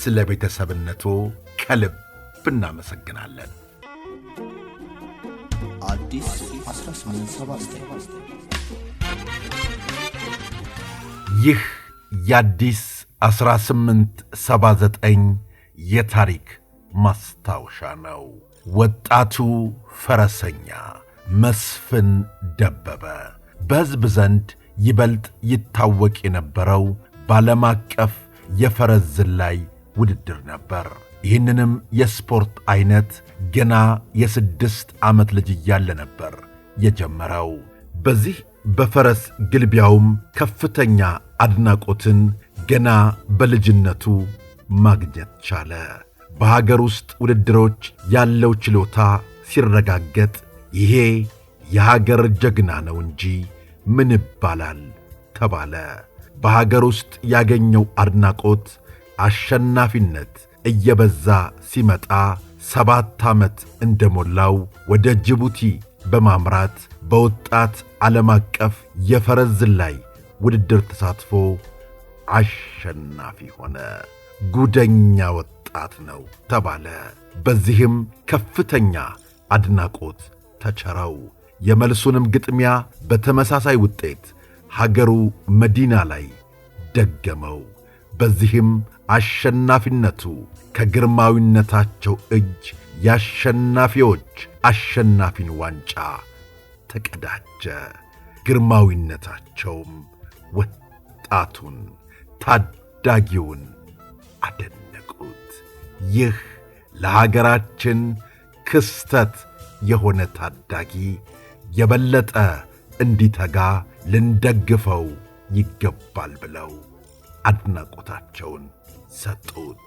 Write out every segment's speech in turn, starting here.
ስለ ቤተሰብነቱ ከልብ እናመሰግናለን። ይህ የአዲስ 1879 የታሪክ ማስታወሻ ነው። ወጣቱ ፈረሰኛ መስፍን ደበበ በሕዝብ ዘንድ ይበልጥ ይታወቅ የነበረው ባለም አቀፍ የፈረስ ዝላይ ውድድር ነበር። ይህንንም የስፖርት ዐይነት ገና የስድስት ዓመት ልጅ እያለ ነበር የጀመረው። በዚህ በፈረስ ግልቢያውም ከፍተኛ አድናቆትን ገና በልጅነቱ ማግኘት ቻለ። በሀገር ውስጥ ውድድሮች ያለው ችሎታ ሲረጋገጥ ይሄ የሀገር ጀግና ነው እንጂ ምን ይባላል ተባለ። በሀገር ውስጥ ያገኘው አድናቆት አሸናፊነት እየበዛ ሲመጣ ሰባት ዓመት እንደሞላው ወደ ጅቡቲ በማምራት በወጣት ዓለም አቀፍ የፈረስ ዝላይ ውድድር ተሳትፎ አሸናፊ ሆነ። ጉደኛ ወጣት ነው ተባለ። በዚህም ከፍተኛ አድናቆት ተቸረው። የመልሱንም ግጥሚያ በተመሳሳይ ውጤት ሀገሩ መዲና ላይ ደገመው። በዚህም አሸናፊነቱ ከግርማዊነታቸው እጅ የአሸናፊዎች አሸናፊን ዋንጫ ተቀዳጀ። ግርማዊነታቸውም ወጣቱን ታዳጊውን አደነቁት። ይህ ለሀገራችን ክስተት የሆነ ታዳጊ የበለጠ እንዲተጋ ልንደግፈው ይገባል ብለው አድናቆታቸውን ሰጡት።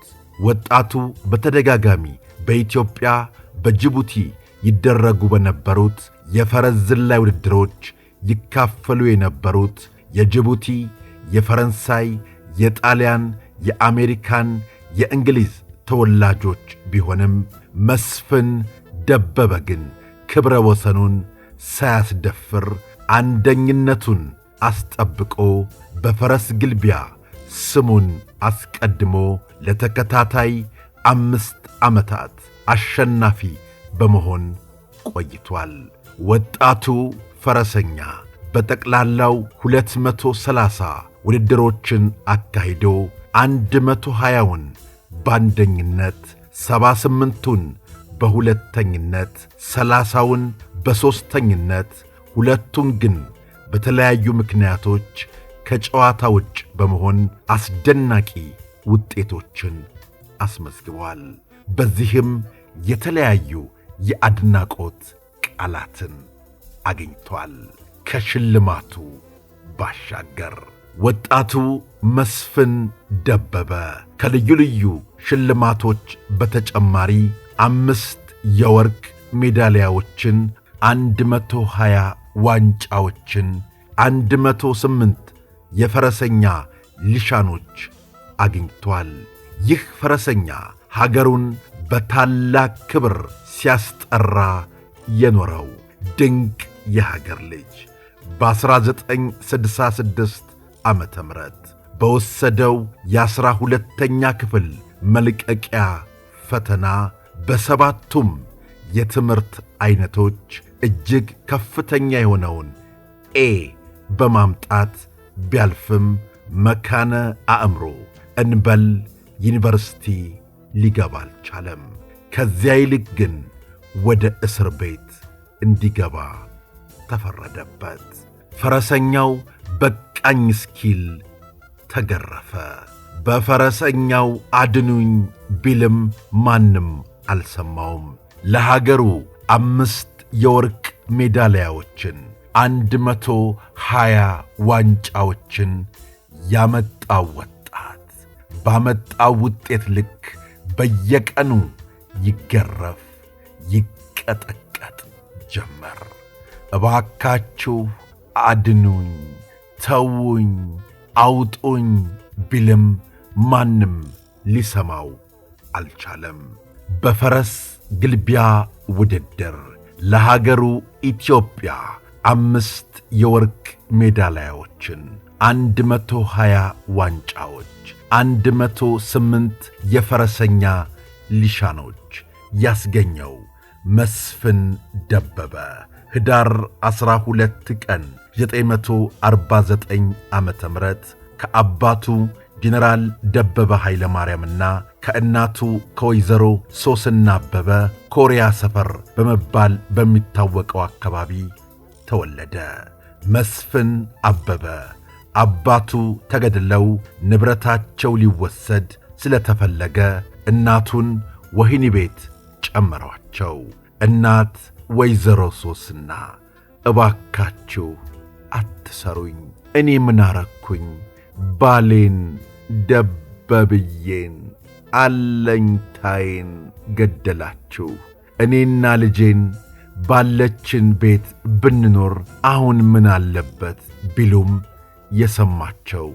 ወጣቱ በተደጋጋሚ በኢትዮጵያ በጅቡቲ ይደረጉ በነበሩት የፈረስ ዝላይ ውድድሮች ይካፈሉ የነበሩት የጅቡቲ፣ የፈረንሳይ፣ የጣሊያን፣ የአሜሪካን፣ የእንግሊዝ ተወላጆች ቢሆንም መስፍን ደበበ ግን ክብረ ወሰኑን ሳያስደፍር አንደኝነቱን አስጠብቆ በፈረስ ግልቢያ ስሙን አስቀድሞ ለተከታታይ አምስት ዓመታት አሸናፊ በመሆን ቆይቷል። ወጣቱ ፈረሰኛ በጠቅላላው 230 ውድድሮችን አካሂዶ 120ውን በአንደኝነት፣ 78ቱን በሁለተኝነት፣ 30ውን በሦስተኝነት፣ ሁለቱን ግን በተለያዩ ምክንያቶች ከጨዋታ ውጭ በመሆን አስደናቂ ውጤቶችን አስመዝግበዋል። በዚህም የተለያዩ የአድናቆት ቃላትን አግኝቷል። ከሽልማቱ ባሻገር ወጣቱ መስፍን ደበበ ከልዩ ልዩ ሽልማቶች በተጨማሪ አምስት የወርቅ ሜዳሊያዎችን፣ 120 ዋንጫዎችን፣ 108 የፈረሰኛ ሊሻኖች አግኝቷል። ይህ ፈረሰኛ ሀገሩን በታላቅ ክብር ሲያስጠራ የኖረው ድንቅ የሀገር ልጅ በ1966 ዓ ም በወሰደው የዐሥራ ሁለተኛ ክፍል መልቀቂያ ፈተና በሰባቱም የትምህርት ዐይነቶች እጅግ ከፍተኛ የሆነውን ኤ በማምጣት ቢያልፍም መካነ አእምሮ እንበል ዩኒቨርሲቲ ሊገባ አልቻለም። ከዚያ ይልቅ ግን ወደ እስር ቤት እንዲገባ ተፈረደበት። ፈረሰኛው በቃኝ እስኪል ተገረፈ። በፈረሰኛው አድኑኝ ቢልም ማንም አልሰማውም። ለሀገሩ አምስት የወርቅ ሜዳሊያዎችን 120 ዋንጫዎችን ያመጣው ወጣት ባመጣው ውጤት ልክ በየቀኑ ይገረፍ ይቀጠቀጥ ጀመር። እባካችሁ አድኑኝ፣ ተውኝ፣ አውጡኝ ቢልም ማንም ሊሰማው አልቻለም። በፈረስ ግልቢያ ውድድር ለሀገሩ ኢትዮጵያ አምስት የወርቅ ሜዳሊያዎችን፣ አንድ መቶ ሀያ ዋንጫዎች፣ አንድ መቶ ስምንት የፈረሰኛ ሊሻኖች ያስገኘው መስፍን ደበበ ህዳር 12 ቀን 949 ዓ ም ከአባቱ ጄኔራል ደበበ ኃይለ ማርያምና ከእናቱ ከወይዘሮ ሶስና አበበ ኮሪያ ሰፈር በመባል በሚታወቀው አካባቢ ተወለደ። መስፍን አበበ አባቱ ተገድለው ንብረታቸው ሊወሰድ ስለተፈለገ እናቱን ወህኒ ቤት ጨመሯቸው። እናት ወይዘሮ ሶስና እባካችሁ አትሰሩኝ፣ እኔ ምናረኩኝ? ባሌን ደበብዬን አለኝታዬን ገደላችሁ፣ እኔና ልጄን ባለችን ቤት ብንኖር አሁን ምን አለበት ቢሉም የሰማቸው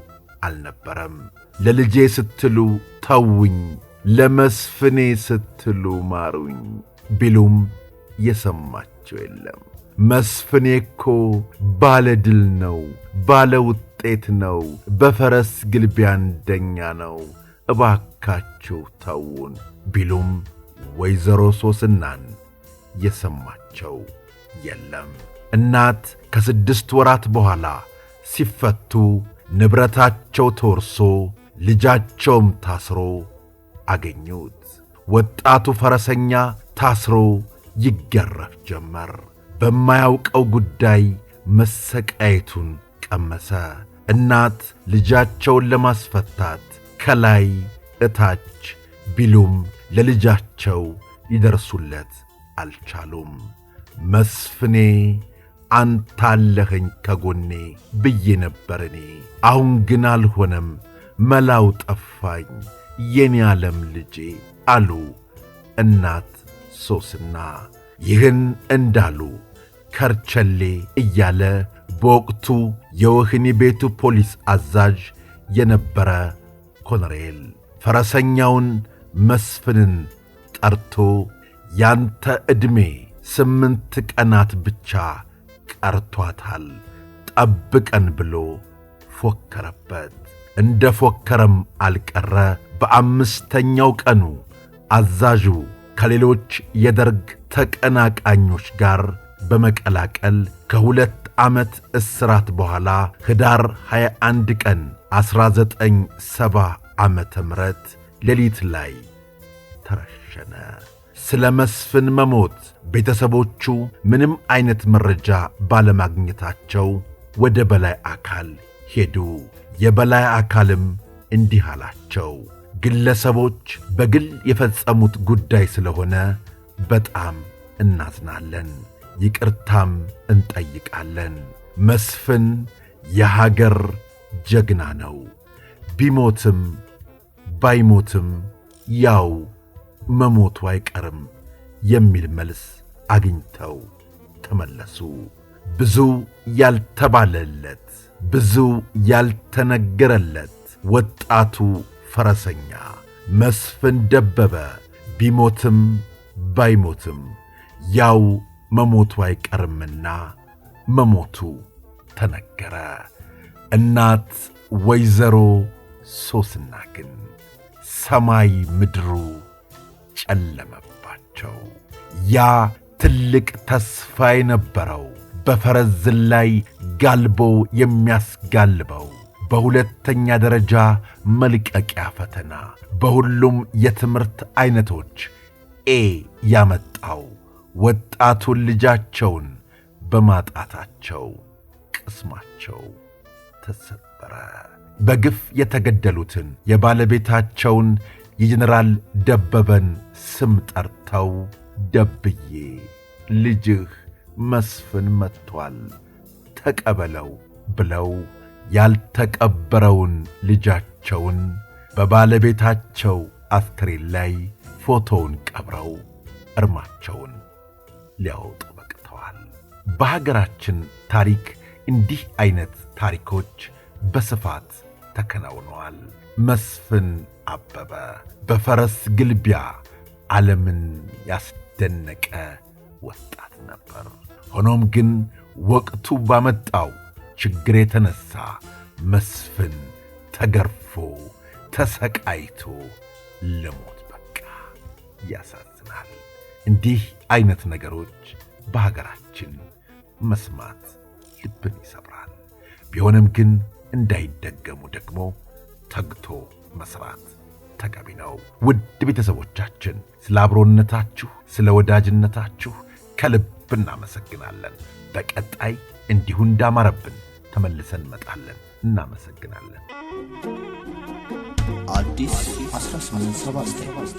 አልነበረም። ለልጄ ስትሉ ተውኝ፣ ለመስፍኔ ስትሉ ማሩኝ ቢሉም የሰማቸው የለም። መስፍኔ እኮ ባለ ድል ነው፣ ባለ ውጤት ነው፣ በፈረስ ግልቢያ አንደኛ ነው፣ እባካችሁ ተውን ቢሉም ወይዘሮ ሶስናን የሰማቸው የለም። እናት ከስድስት ወራት በኋላ ሲፈቱ ንብረታቸው ተወርሶ ልጃቸውም ታስሮ አገኙት። ወጣቱ ፈረሰኛ ታስሮ ይገረፍ ጀመር። በማያውቀው ጉዳይ መሰቃየቱን ቀመሰ። እናት ልጃቸውን ለማስፈታት ከላይ እታች ቢሉም ለልጃቸው ይደርሱለት አልቻሉም። መስፍኔ አንታለኸኝ ከጎኔ ብዬ ነበር እኔ። አሁን ግን አልሆነም፣ መላው ጠፋኝ የኔ ዓለም ልጄ አሉ እናት ሶስና። ይህን እንዳሉ ከርቸሌ እያለ በወቅቱ የወህኒ ቤቱ ፖሊስ አዛዥ የነበረ ኮሎኔል ፈረሰኛውን መስፍንን ጠርቶ ያንተ ዕድሜ ስምንት ቀናት ብቻ ቀርቷታል፣ ጠብቀን ብሎ ፎከረበት። እንደ ፎከረም አልቀረ። በአምስተኛው ቀኑ አዛዡ ከሌሎች የደርግ ተቀናቃኞች ጋር በመቀላቀል ከሁለት ዓመት እስራት በኋላ ኅዳር 21 ቀን 1970 ም ሌሊት ላይ ተረሸነ። ስለ መስፍን መሞት ቤተሰቦቹ ምንም አይነት መረጃ ባለማግኘታቸው ወደ በላይ አካል ሄዱ። የበላይ አካልም እንዲህ አላቸው፣ ግለሰቦች በግል የፈጸሙት ጉዳይ ስለሆነ በጣም እናዝናለን፣ ይቅርታም እንጠይቃለን። መስፍን የሀገር ጀግና ነው። ቢሞትም ባይሞትም ያው መሞቱ አይቀርም የሚል መልስ አግኝተው ተመለሱ። ብዙ ያልተባለለት ብዙ ያልተነገረለት ወጣቱ ፈረሰኛ መስፍን ደበበ ቢሞትም ባይሞትም ያው መሞቱ አይቀርምና መሞቱ ተነገረ። እናት ወይዘሮ ሶስና ግን ሰማይ ምድሩ ጨለመባቸው። ያ ትልቅ ተስፋ የነበረው በፈረስ ዝላይ ጋልቦ የሚያስጋልበው በሁለተኛ ደረጃ መልቀቂያ ፈተና በሁሉም የትምህርት ዐይነቶች ኤ ያመጣው ወጣቱን ልጃቸውን በማጣታቸው ቅስማቸው ተሰበረ። በግፍ የተገደሉትን የባለቤታቸውን የጀነራል ደበበን ስም ጠርተው ደብዬ ልጅህ መስፍን መጥቷል ተቀበለው ብለው ያልተቀበረውን ልጃቸውን በባለቤታቸው አስክሬን ላይ ፎቶውን ቀብረው እርማቸውን ሊያወጡ በቅተዋል። በሀገራችን ታሪክ እንዲህ አይነት ታሪኮች በስፋት ተከናውነዋል። መስፍን አበበ በፈረስ ግልቢያ ዓለምን ያስደነቀ ወጣት ነበር። ሆኖም ግን ወቅቱ ባመጣው ችግር የተነሳ መስፍን ተገርፎ ተሰቃይቶ ለሞት በቃ። ያሳዝናል። እንዲህ አይነት ነገሮች በሀገራችን መስማት ልብን ይሰብራል። ቢሆንም ግን እንዳይደገሙ ደግሞ ተግቶ መስራት ተገቢ ነው። ውድ ቤተሰቦቻችን ስለ አብሮነታችሁ፣ ስለ ወዳጅነታችሁ ከልብ እናመሰግናለን። በቀጣይ እንዲሁ እንዳማረብን ተመልሰን እንመጣለን። እናመሰግናለን። አዲስ 1879